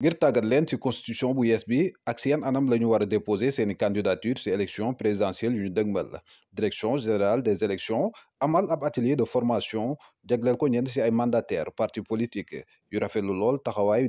ngir tàggat leen ci constitution bu yees bi anam déposer ses candidature ci élection présidentielle yu ñu direction générale des élections amal ab atelier de formation jagleel ko ñenn ay mandataire parti politique yu rafetlu lool taxawaayu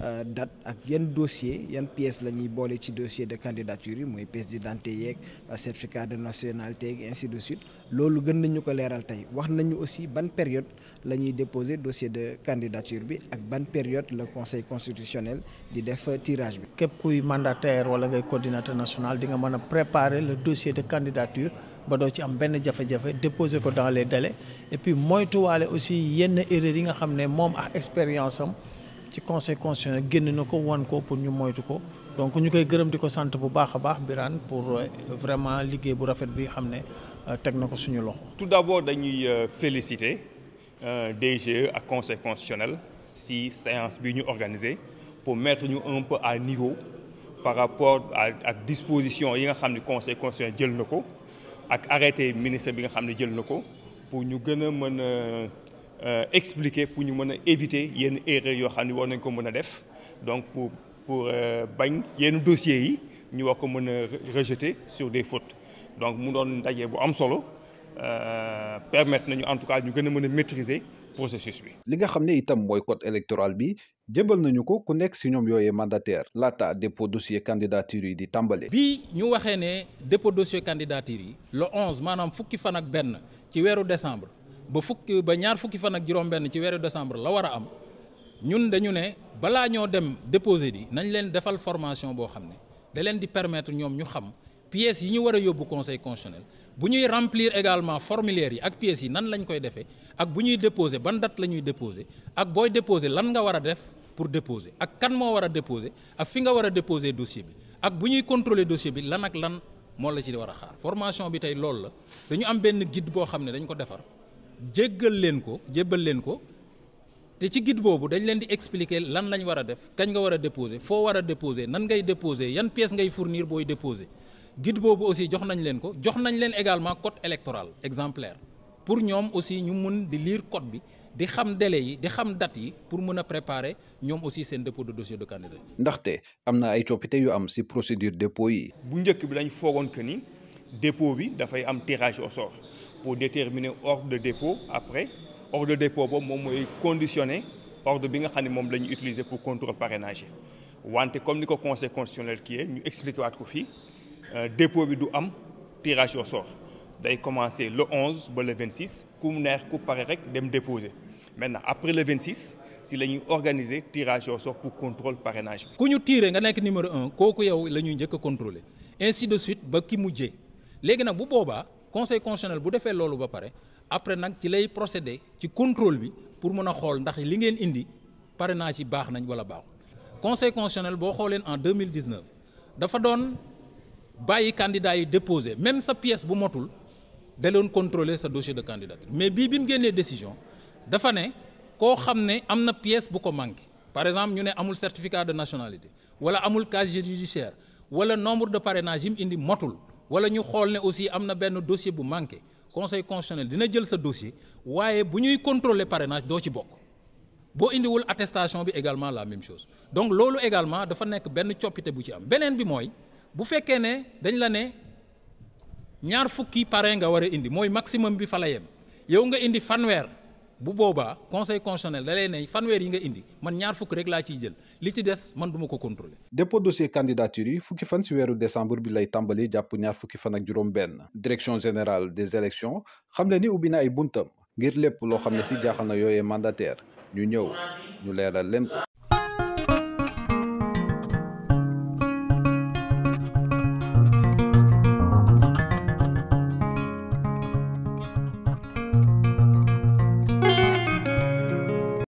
Euh, date ak yenn dossier yenn pièces lañuy ñuy boole ci dossier de candidature yi mooy pièce d'identité yeeg euh, certificat de nationalité ainsi de suite loolu gën nañu ko leeral tey wax nañu aussi ban période la ñuy déposer dossier de candidature bi ak ban période le conseil constitutionnel di def tirage bi. képp kuy mandataire wala ngay coordinateur national di nga préparer le dossier de candidature. ba doo ci am benn déposer ko dans les délais et puis moytuwaale aussi yenn erreur yi nga xam ne moom expérience am ci conseil constitutionnel génn na ko wan ko pour ñu moytu ko donc ñu koy gërëm di ko sant bu baax a baax Birane pour euh, vraiment liggéey bu rafet bi xam ne euh, teg na ko suñu loxo. tout d'abord dañuy euh, féliciter DGE ak conseil constitutionnel si séance bi ñu organiser pour mettre ñu un peu à niveau par rapport à ak disposition yi nga xam ne conseil constitutionnel jël na ko ak arrêté ministre bi nga xam ne jël na ko pour ñu gën a mën a euh, expliquer pour ñu mën éviter yenn erreur yoo xam ne war nañ ko mën def donc pour pour euh, bañ yenn dossiers yi ñu war ko mën rejeter sur des fautes donc mu donnons ndaje bu am solo euh, permettre nous en tout cas ñu gën a maîtriser processus bi. li nga comme ne itam mooy code électoral bi djebal nañu ko ku nek si ñom yoyé mandataire l'ata dépôt dossier candidature yi di tambalé bi ñu waxé né dépôt dossier candidature yi. le 11 manam fukki fan ak ben ci wéru décembre ba fukki ba ñaar fukki fan ak juróom-benn ci weeru décembre la war am ñun dañu ne balaa ñoo dem déposer di nañ leen defal formation boo xam ne da leen di permettre ñoom ñu xam pièces yi ñu war a yóbbu conseil constitutionnel bu ñuy remplir également formulaire yi ak pièces yi nan lañ koy defee ak bu déposer ban date la déposer ak booy déposer lan nga war def pour déposer ak kan moo war a déposer ak fi nga war a déposer dossier bi ak bu ñuy contrôler dossier bi lan ak lan moo la ci war a xaar formation bi tey loolu la dañu am benn guide boo xam dañ ko defar jéggal leen ko jébbal leen ko te ci guide boobu dañ leen di expliquer lan lañ war a def kañ nga war a déposer foo war a déposer nan ngay déposer yan pièces ngay fournir booy déposer guide boobu aussi jox nañ leen ko jox nañ leen également code électoral exemplaire pour ñoom aussi ñu mun di lire code bi di xam délai yi di xam date yi pour mën a préparer ñoom aussi seen dépôt de dossier de candidat. ndaxte am na ay coppite yu am ci procédure dépôt yi. bu njëkk bi lañ foogoon que ni dépôt bi dafay am tirage au sort pour déterminer l'ordre de dépôt après L'ordre de dépôt est conditionné ordre bi nga xam ne moom le contrôle parrainage wante comme le conseil constitutionnel est, ñu le ko euh, dépôt bi du am tirage au sort a commencé le 11 ba le 26 ku mu neex ku pare déposer maintenant après le 26 si la organisé organiser tirage au sort pour contrôle parrainage bi. nous tirons, nous nga numéro 1, nous yow la contrôle. ainsi de suite ba ki mujjee léegi nag bu conseil constitutionnel bu defee loolu ba pare après nag ci lay procéder ci contrôle bi pour mën a xool ndax li ngeen indi parrainage ci baax nañ wala baaxul conseil constitutionnel boo xooleen en 2019 dafa doon bàyyi candidat yi déposé même sa pièce bu motul da leen contrôler sa dossier de candidature mais bii bi mu génnee décision dafa ne koo xam ne pièce bu ko manqué par exemple ñu ne amul certificat de nationalité wala amul casier judiciaire wala nombre de parrainage yi mu indi motul wala ñu xool ne aussi am na benn dossier bu manqué conseil constitutionnel dina jël sa dossier waaye bu ñuy contrôler parrainage doo ci bokk boo indiwul attestation bi également la même chose donc loolu également dafa nekk benn coppite bu ci am beneen bi mooy bu fekkee ne dañ la ne ñaar fukki parrain nga war a indi mooy maximum bi fa la yem yow nga indi fanweer. bu boobaa conseil constitutionnel da lay fanweer yi nga indi man ñaar fukki rek laa ciy jël li ci des man duma ko contrôler dépôt dossier candidature yi fukki fan si weeru décembre bi lay tàmbali jàpp ñaar fukki fan ak juróom benn direction général des élections xam ne ni ubbi na ay buntam ngir lépp loo xam ne si jaaxal na yooyee mandataire ñu ñëw ñu leeral leen ko